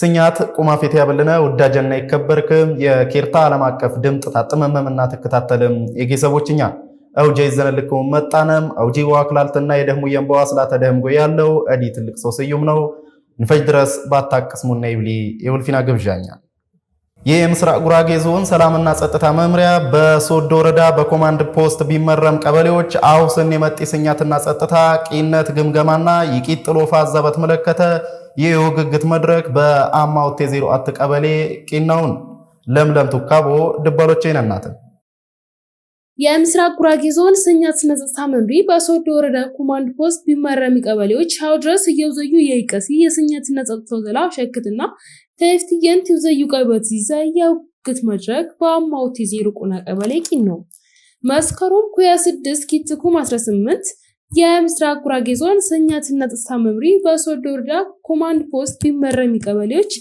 ስኛት ቁማፌት ያበልነ ውዳጀና ይከበርክ የኬርታ ዓለም አቀፍ ድምጥ ታጥመመምና ትከታተልም የጌሰቦችኛ አውጀ ይዘነልክም መጣነም አውጂ ዋክላልትና የደህሙ የንበዋ ስላተ ደህም ያለው እዲ ትልቅ ሰው ስዩም ነው ንፈጅ ድረስ ባታቅስሙና ይብሊ የውልፊና ግብዣኛ የምስራቅ ጉራጌ ዞን ሰላምና ጸጥታ መምሪያ በሶዶ ወረዳ በኮማንድ ፖስት ቢመረም ቀበሌዎች አውስን የመጤ ስኛትና ጸጥታ ቂነት ግምገማና የቂጥሎ ፋዛ በተመለከተ የውግግት መድረክ በአማውቴ 04 ቀበሌ ቂናውን ለምለም ቱካቦ ድባሎቼ ነናትን የምስራቅ ጉራጌ ዞን ሰኛ ስነ ጸጥታ መምሪ በሶዶ ወረዳ ኮማንድ ፖስት ቢመረሚ ቀበሌዎች ሀው ድረስ እየውዘዩ የይቀሲ የሰኛትና ጸጥታ ዘላ ሸክትና ተፍትየንት ይውዘዩ ቀበት ይዘ የውግት መድረክ በአማውት የዜሮ ቁና ቀበሌ ቂን ነው መስከረም ኩያ 6 ኪትኩም 18 የምስራቅ ጉራጌ ዞን ሰኛትና ጸጥታ መምሪ በሶዶ ወረዳ ኮማንድ ፖስት ቢመረሚ ቀበሌዎች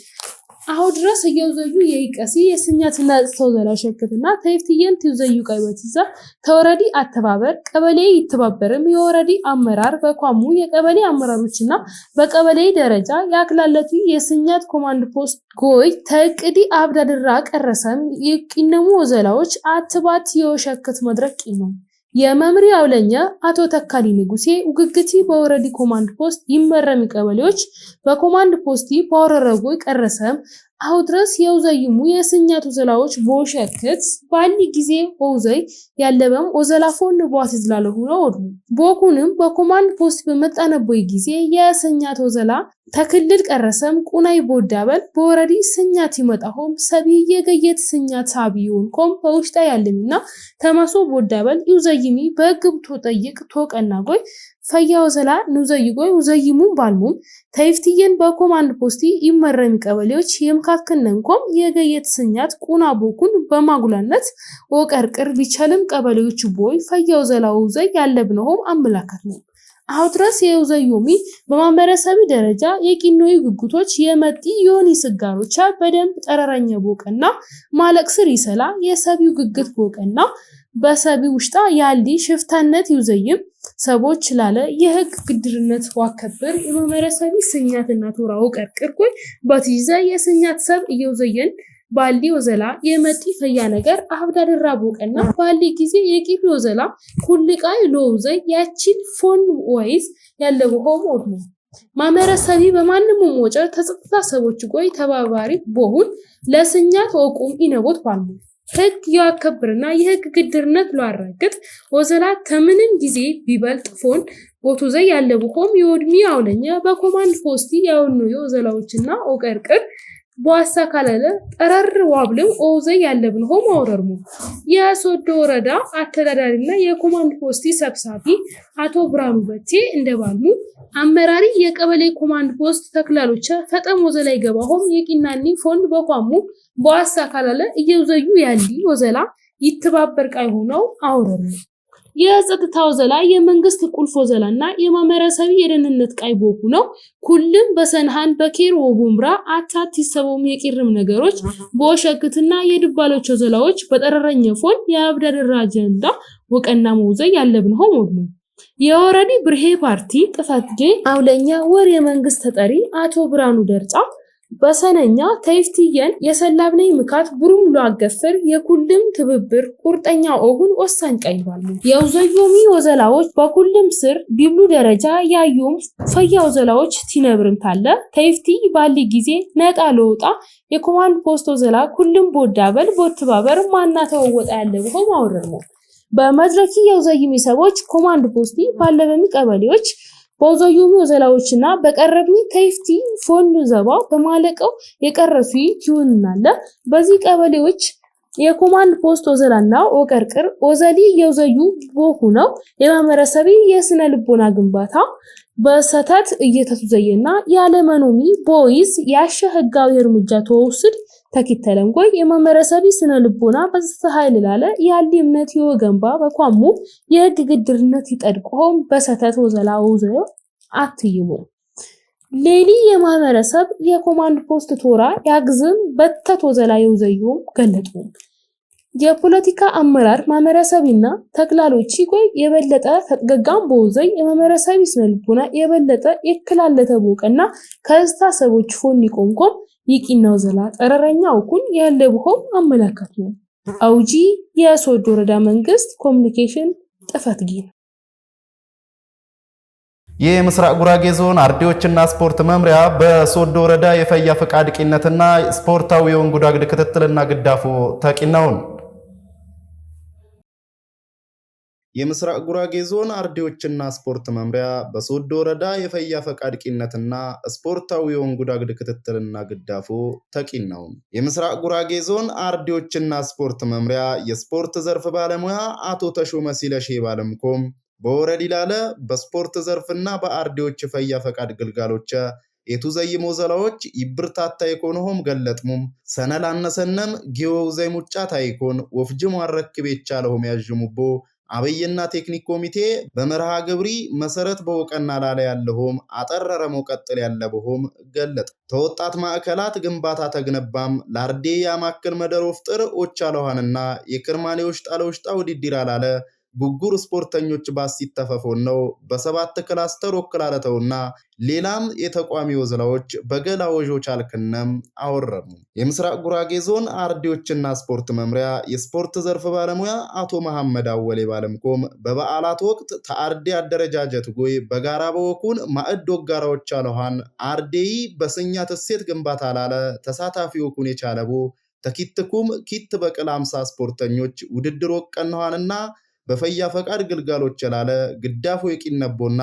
አሁ ድረስ እየውዘዩ የይቀሲ የስኛትና ጽተው ዘላሸክትና ተይፍትየን ትውዘዩ ቀይበት ይዛ ተወረዲ አተባበር ቀበሌ ይተባበርም የወረዲ አመራር በኳሙ የቀበሌ አመራሮችና በቀበሌ ደረጃ የአክላለቱ የስኛት ኮማንድ ፖስት ጎይ ተቅዲ አብዳድራ ቀረሰም ይቅነሙ ወዘላዎች አትባት የወሸክት መድረቅ ነው የመምሪ አውለኛ አቶ ተካሊ ንጉሴ ውግግቲ በወረዲ ኮማንድ ፖስት ይመረሚ ቀበሌዎች በኮማንድ ፖስቲ በወረረጉ ቀረሰም ድረስ የውዘይሙ የስኛቱ ዘላዎች ቦሸክት ባኒ ጊዜ ወውዘይ ያለበም ወዘላፎን ቧት ዝላለ ሆኖ ወድሙ ቦኩንም በኮማንድ ፖስት በመጣነቦይ ጊዜ የስኛት ዘላ ተክልል ቀረሰም ቁናይ ቦዳበል በወረዲ ስኛት ይመጣሆም ሰቢ የገየት ስኛት ሳቢ ኮም በውሽጣ ያለምና ተማሶ ቦዳበል ይውዘይሚ በግብቶ ጠይቅ ጎይ ፈያ ወሰላ ጎይ ውዘይሙም ባልሙም ተይፍትየን በኮማንድ ፖስቲ ይመረሚ ቀበሌዎች የምካክነንኮም የገየት ስኛት ቁና ቦኩን በማጉላነት ወቀርቅር ቢቻልም ቀበሌዎች ቦይ ፈያ ወዘላ ውዘይ ያለብነሆም አመላከት ነው። አሁን ድረስ የውዘዮሚ በማህበረሰብ ደረጃ የቂኖይ ጉጉቶች የመጢ የሆኒ ስጋሮቻ በደንብ ጠረረኛ ቦቀና ማለቅ ስር ይሰላ የሰቢው ግግት ቦቀና በሰቢ ውሽጣ ያልዲ ሽፍታነት ይውዘይም ሰቦች ላለ የህግ ግድርነት ዋከብር የማህበረሰቢ ስኛትና ቶራው ኮይ በትይዘ የስኛት ሰብ እየውዘየን ባሊ ወዘላ የመጢ ፈያ ነገር አብዳደራ ቦቀና ባሊ ጊዜ የቂቢ ወዘላ ኩልቃይ ሎውዘ ያቺን ፎን ወይስ ያለው ሆም ኦድሙ ማህበረሰቢ በማንም ሞጨ ተጽፍታ ሰቦች ጎይ ተባባሪ ቦሁን ለስኛት ወቁም ኢነቦት ባሉ ህግ ያከብርና የህግ ግድርነት ሏረግጥ ወዘላ ከምንም ጊዜ ቢበልጥ ፎን ቦቱ ዘይ ያለ ብኮም የወድሚ አውለኛ በኮማንድ ፖስቲ ያውኑ የወዘላዎችና ኦቀርቅር በዋሳ ካለለ ጠረር ዋብልም ኦዘይ ያለ ብንሆም አውረርሙ የሶዶ ወረዳ አተዳዳሪና የኮማንድ ፖስቲ ሰብሳቢ አቶ ብራኑ በቴ እንደባሉ አመራሪ የቀበሌ ኮማንድ ፖስት ተክላሎቻ ፈጠም ወዘላይ ገባሆም የቂናኒ ፎን በኳሙ በዋሳ ካላለ እየዘዩ ያንዲ ወዘላ ይተባበር ቃይ ሆነው አውረሩ የጸጥታ ወዘላ የመንግስት ቁልፍ ወዘላ እና የማህበረሰብ የደህንነት ቃይ ቦኩ ነው ኩልም በሰንሃን በኬር ወጉምራ አታት ይሰበውም የቂርም ነገሮች በወሸክትና የድባሎች ወዘላዎች በጠረረኝ ፎን የአብዳደራ አጀንዳ ወቀና መውዘይ ያለብን ሆም ወድሙ የወረዲ ብርሄ ፓርቲ ጥፈት ጌ አውለኛ ወር የመንግስት ተጠሪ አቶ ብራኑ ደርጫ በሰነኛ ተይፍትየን የሰላብነይ ምካት ብሩም ሏገፍር የኩልም ትብብር ቁርጠኛ ኦሁን ወሳኝ ቀይሏል የውዘዮሚ ወዘላዎች በኩልም ስር ቢብሉ ደረጃ ያዩም ፈያ ወዘላዎች ቲነብርም ታለ ተይፍቲ ባሊ ጊዜ ነጣ ለውጣ የኮማንድ ፖስት ወዘላ ኩልም ቦዳበል ቦትባበር ማና ተወወጣ ያለ ብሆም አውረርሞ በመድረኪ የውዘይሚ ሰቦች ኮማንድ ፖስቲ ባለበሚ ቀበሌዎች በወዘዩቡ ወዘላዎችና በቀረብኒ ከይፍቲ ፎንዱ ዘባ በማለቀው የቀረፊ ይሁንናለ በዚህ ቀበሌዎች የኮማንድ ፖስት ወዘላና ወቀርቅር ወዘሊ የውዘዩ ቦሁ ነው የማህበረሰቢ የስነ ልቦና ግንባታ በሰተት እየተቱዘየና ያለመኖሚ ቦይዝ ያሸ ህጋዊ እርምጃ ተወስድ ተኪተለንጎይ የማህበረሰቢ ስነ ልቦና በዝተ ኃይል ላለ ያሊ እምነት የወገንባ በኳሙ የህግ ግድርነት ይጠድቆም በሰተት ወዘላው ዘዮ አትይሙ ሌሊ የማመረሰብ የኮማንድ ፖስት ቶራ ያግዝም በተት ወዘላዩ ዘዩም ገለጡ የፖለቲካ አመራር ማህበረሰቢና ተክላሎች ይቆይ የበለጠ ተገጋም በወዘይ የማህበረሰቢ ስነ ልቦና የበለጠ የክላለተ ቦቀና ከዝታ ሰቦች ፎን ይቆምቆም የቂናው ዘላ ጠረረኛ ያለ ያለብኸው አመላካት ነው። አውጂ የሶዶ ወረዳ መንግስት ኮሚኒኬሽን ጥፈት ጊን የምስራቅ ጉራጌ ዞን አርዴዎችና ስፖርት መምሪያ በሶዶ ወረዳ የፈያ ፈቃድ ቂነትና ስፖርታዊ የወንጉዳግድ ክትትልና ግዳፉ ተቂናውን የምስራቅ ጉራጌ ዞን አርዴዎችና ስፖርት መምሪያ በሶዶ ወረዳ የፈያ ፈቃድ ቂነትና ስፖርታዊ የወንጉዳግድ ክትትልና ግዳፎ ተቂን ነው። የምስራቅ ጉራጌ ዞን አርዴዎችና ስፖርት መምሪያ የስፖርት ዘርፍ ባለሙያ አቶ ተሾመ ሲለሼ ባለምኮም በወረዲ ላለ በስፖርት ዘርፍና በአርዴዎች የፈያ ፈቃድ ግልጋሎች የቱ ዘይሞ ዘላዎች ይብርታታ የኮንሆም ገለጥሙም ሰነል አነሰነም ጊዮው ዘይሙጫ ታይኮን ወፍጅ ማረክቤ ቻለሆም ያዥሙቦ አብይና ቴክኒክ ኮሚቴ በመርሃ ግብሪ መሰረት በወቀና ላለ ያለሆም አጠረረ መውቀጥል ያለ በሆም ገለጠ ተወጣት ማዕከላት ግንባታ ተግነባም ላርዴ ያማክል መደር ወፍጥር ኦቻለኋንና የክርማኔዎች ጣለውሽጣ ውድድር አላለ ጉጉር ስፖርተኞች ባስ ነው በሰባት ክላስተር ወክላለተውና ሌላም የተቋሚ ወዝላዎች በገላ ወዦች አልክነም አወረሙ። የምስራቅ ጉራጌ ዞን አርዲዎችና ስፖርት መምሪያ የስፖርት ዘርፍ ባለሙያ አቶ መሐመድ አወሌ ባለምኮም በበዓላት ወቅት ተአርዲ አደረጃጀት ጎይ በጋራ በወኩን ማዕድ ወጋራዎች አለኋን አርዴይ በስኛ ትሴት ግንባታ ላለ ተሳታፊ ወኩን የቻለቡ ተኪትኩም ኪት በቅል አምሳ ስፖርተኞች ውድድር ወቀንኋንና በፈያ ፈቃድ ግልጋሎች የላለ ግዳፎ የቂነቦና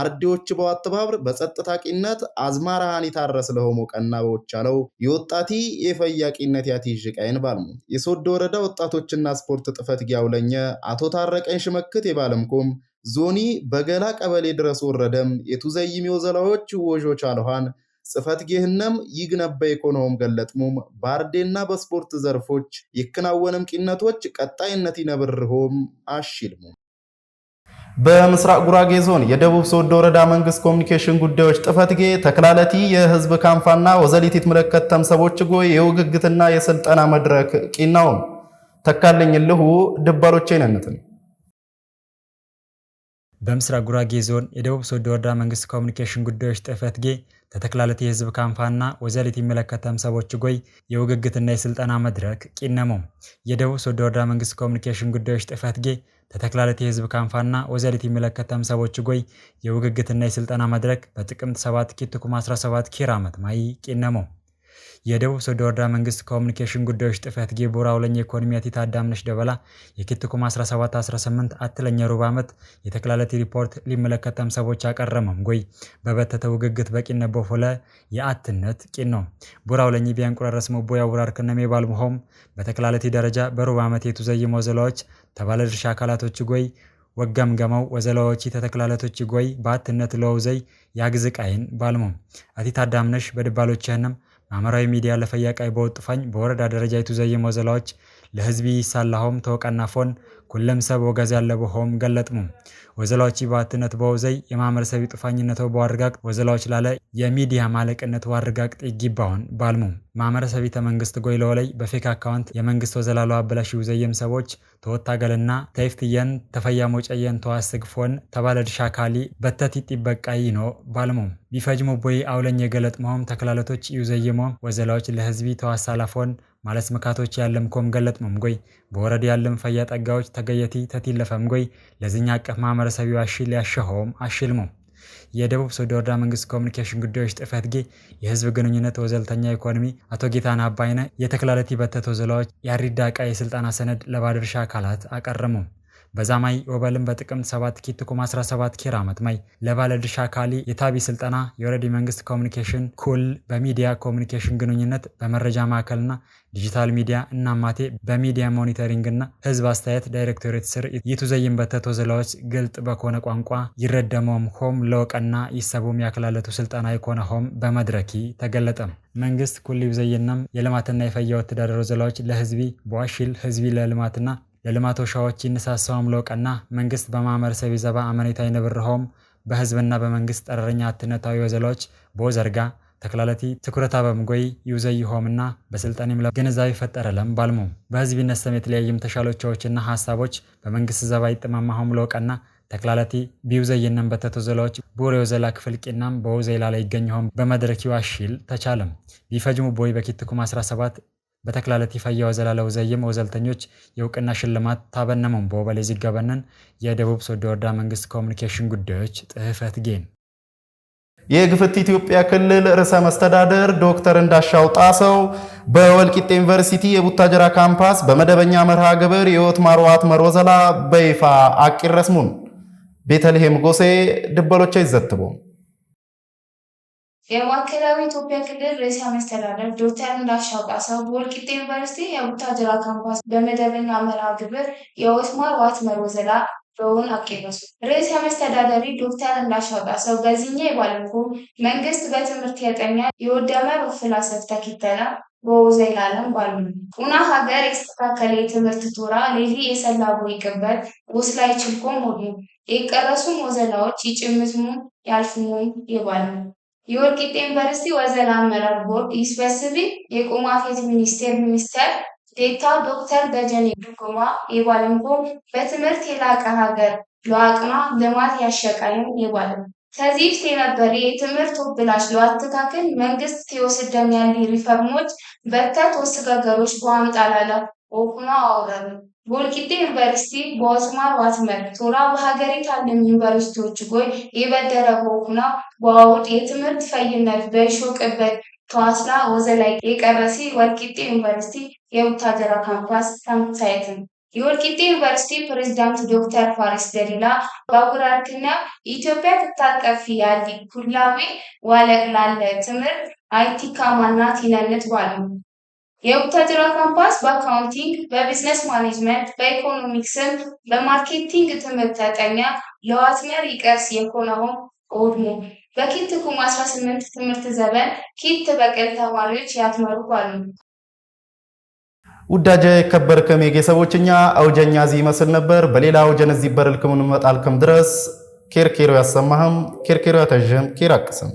አርዴዎች በዋትባብር በጸጥታ ቂነት አዝማራሃን የታረስ ለሆሞ ቀና በዎች አለው የወጣቲ የፈያ ቂነት ያቲዥ ቃይን ባልሙ የሶዶ ወረዳ ወጣቶችና ስፖርት ጥፈት ጊያውለኘ አቶ ታረቀኝ ሽመክት የባለምኮም ዞኒ በገላ ቀበሌ ድረስ ወረደም የቱዘይም የወዘላዎች ወዦች አለኋን ጽፈት ጌህነም ይግነበ ኢኮኖም ገለጥሙም ባርዴና በስፖርት ዘርፎች ይከናወንም ቂነቶች ቀጣይነት ይነብርሆም አሽልሙ በምስራቅ ጉራጌ ዞን የደቡብ ሶዶ ወረዳ መንግስት ኮሚኒኬሽን ጉዳዮች ጥፈት ጌ ተክላለቲ የህዝብ ካንፋና ወዘሊቲት ምለከት ተምሰቦች ጎ የውግግትና የስልጠና መድረክ ቂናውም ተካለኝልሁ ድባሎቼ ነነትን በምስራቅ ጉራጌ ዞን የደቡብ ሶዶ ወረዳ መንግስት ኮሚኒኬሽን ጉዳዮች ጥፈት ጌ ተተክላለት የህዝብ ካምፓና ወዘሊት ይመለከት ተምሰቦች ጎይ የውግግትና የስልጠና መድረክ ቂነሞ የደቡብ ሶዶ ወረዳ መንግስት ኮሚኒኬሽን ጉዳዮች ጥፈት ጌ ተተክላለት የህዝብ ካምፓና ወዘሊት ይመለከት ተምሰቦች ጎይ የውግግትና የስልጠና መድረክ በጥቅምት 7 ኪትኩም 17 ኪር ዓመት ማይ ቂነሞ የደቡብ ሶዶ ወረዳ መንግስት ኮሚኒኬሽን ጉዳዮች ጥፈት ጌቦራ አውለኝ ኢኮኖሚ አቲት አዳምነሽ ደበላ የክትኩም 17 18 አትለኛ ሩብ ዓመት የተክላለቲ ሪፖርት ሊመለከተም ሰዎች አቀረመም ጎይ በበተተ ውግግት በቂነ ቦፎለ የአትነት ቂን ነው ቡራ አውለኝ ቢያንቁራረስ መቦያ ውራር ከነሜ ባልሙሆም በተክላለቲ ደረጃ በሩብ ዓመት የቱዘይሞ ወዘላዎች ተባለድርሻ አካላቶች ጎይ ገመው ወዘላዎች ተተክላለቶች ጎይ በአትነት ለውዘይ ያግዝቃይን ባልሞም አቲት አዳምነሽ በድባሎችህንም ማህበራዊ ሚዲያ ለፈያቃይ በወጥፋኝ በወረዳ ደረጃ የቱ ዘየመ ወዘላዎች ለህዝቢ ሳላሆም ተወቀናፎን ኩለም ሰብ ወገዝ ያለብሆም ገለጥሙ ወዘላዎች ባትነት በውዘይ የማህበረሰብ ጥፋኝነተው በዋርጋቅ ወዘላዎች ላለ የሚዲያ ማለቅነት ዋርጋቅ ይጊባውን ባልሙ ማህበረሰብ ተመንግስት ጎይለው ላይ በፌክ አካውንት የመንግስት ወዘላሉ አበላሽ ውዘየም ሰዎች ተወታገልና ተይፍትየን ተፈያሞ ጨየን ተዋስግፎን ተባለድሻ ካሊ በተት ይጥበቃይ ነው ባልሙ ቢፈጅሙ ቦይ አውለኝ የገለጥ መሆም ተከላለቶች ይውዘይሞ ወዘላዎች ለህዝቢ ተዋሳላፎን ማለት ምካቶች ያለም ኮም ገለጥ መምጎይ በወረድ ያለም ፈያ ጠጋዎች ተገየቲ ተቲን ለፈምጎይ ለዚኛ አቀፍ ማህበረሰቢ አሽል ያሸኸውም አሽልሙ የደቡብ ሶዶ ወረዳ መንግስት ኮሚኒኬሽን ጉዳዮች ጥፈት ጌ የህዝብ ግንኙነት ወዘልተኛ ኢኮኖሚ አቶ ጌታና አባይነ የተክላለቲ በተት ወዘላዎች የአሪዳ ቃ የስልጠና ሰነድ ለባለድርሻ አካላት አቀረሙ። በዛማይ ወበልም በጥቅምት 7 ኪትኩም 17 ኬር ዓመት ማይ ለባለድርሻ አካሊ የታቢ ስልጠና የወረዲ መንግስት ኮሚኒኬሽን ኩል በሚዲያ ኮሚኒኬሽን ግንኙነት በመረጃ ማዕከልና ዲጂታል ሚዲያ እና ማቴ በሚዲያ ሞኒተሪንግና ህዝብ አስተያየት ዳይሬክቶሬት ስር ይቱዘይን በተቶ ዘላዎች ግልጥ በኮነ ቋንቋ ይረደመውም ሆም ለወቀና ይሰቡም ያክላለቱ ስልጠና የኮነ ሆም በመድረኪ ተገለጠም። መንግስት ኩል ይብዘይናም የልማትና የፈያ ወተዳደሮ ዘላዎች ለህዝቢ በዋሽል ህዝቢ ለልማትና ለልማት ለልማቶሻዎች ይንሳሳው አምሎቀና መንግስት በማህበረሰብ ይዘባ አመኔታ ይንብርሆም በህዝብና በመንግስት ጠረረኛ አትነታዊ ወዘሎች ቦዘርጋ ተክላለቲ ትኩረታ በምጎይ ይውዘይ ሆምና በስልጣኔም ለግንዛቤ ፈጠረለም ባልሙ በህዝቢነት ሰም የተለያየም ተሻሎቻዎችና ሀሳቦች በመንግስት ዘባ ይጥማማሆም ሆም ለውቀና ተክላለቲ ቢውዘይነም በተቶ ዘላዎች ቦሬ ወዘላ ክፍል ቂናም በወዘይላ ላይ ይገኝ ሆም በመድረኪው አሺል ተቻለም ቢፈጅሙ ቦይ በኪትኩም 17 በተክላለት ፈያ ወዘላለ ዘይም ወዘልተኞች የእውቅና ሽልማት ታበነሙም በወበሌ ዚገበነን የደቡብ ሶዶ ወረዳ መንግስት ኮሚኒኬሽን ጉዳዮች ጽህፈት ጌን የግፍት ኢትዮጵያ ክልል ርዕሰ መስተዳደር ዶክተር እንዳሻው ጣሰው በወልቂጤ ዩኒቨርሲቲ የቡታጀራ ካምፓስ በመደበኛ መርሃ ግብር የወት ማርዋት መሮዘላ በይፋ አቂረስሙን ቤተልሔም ጎሴ ድበሎቻ ይዘትቦም የማዕከላዊ ኢትዮጵያ ክልል ርዕሰ መስተዳደር ዶክተር እንዳሻው ጣሰው በወልቂጤ ዩኒቨርሲቲ የቡታጅራ ካምፓስ በመደብና መርሃ ግብር የኦስማር ዋትመር ወዘላ በውን አቀበሱ። ርዕሰ መስተዳደሪ ዶክተር እንዳሻው ጣሰው በዚህኛ የባለንኩ መንግስት በትምህርት የጠኛ የወደመ በፍላሰፍ ተኪተላ በወዘላለም ባሉ ቁና ሀገር የተስተካከለ የትምህርት ቱራ ሌሊ የሰላቡ ውስ ላይ ችልኮ ሞዴል የቀረሱን ወዘላዎች ይጭምትሙ ያልፍሙም ይባላል የወልቂጤ ዩኒቨርሲቲ ወዘላ አመራር ቦርድ ይስበስብኝ የቁማፌት ሚኒስቴር ሚኒስተር ዴታ ዶክተር ደጀኔ ድጎማ የባለንኮ በትምህርት የላቀ ሀገር ለአቅማ ልማት ያሸቃኝ የባለም ከዚህ የነበረ የትምህርት ወብላሽ ለአተካከል መንግስት የወስደን ያሉ ሪፈርሞች በተት ወስጋገሮች በአምጣላላ ኦኩማ አወረዱ። ወልቂጤ ዩኒቨርሲቲ በኦስማን ዋትመር ቶራ በሀገሪቱ አለም ዩኒቨርሲቲዎች ጎይ የበደረገ ኩና በአውድ የትምህርት ፈይነት በሾ ቅበት ተዋስላ ወዘላይ የቀረሲ ወልቂጤ ዩኒቨርሲቲ የቡታጀራ ካምፓስ ተምሳይት ነው። የወልቂጤ ዩኒቨርሲቲ ፕሬዚዳንት ዶክተር ፋሪስ ደሊላ ባጉራርክና ኢትዮጵያ ትታጠፊ ያሊ ኩላዌ ዋለቅላለ ትምህርት አይቲካማና ቲነነት ባሉ የቡታጅራ ካምፓስ በአካውንቲንግ፣ በቢዝነስ ማኔጅመንት፣ በኢኮኖሚክስም በማርኬቲንግ ትምህርት ተጠኛ ለዋትሚያር ይቀርስ የሆነውን ኦድሞ ኩም 18 ትምህርት ዘመን ኪት በቀል ተማሪዎች ያትመሩ ባሉ ውዳጀ የከበር ከም አውጀኛ ዚ ይመስል ነበር። በሌላ አውጀን እዚህ በርልክምን መጣልክም ድረስ ኬርኬሮ ያሰማህም ኬርኬሮ ያተዥም ኬር አቅስም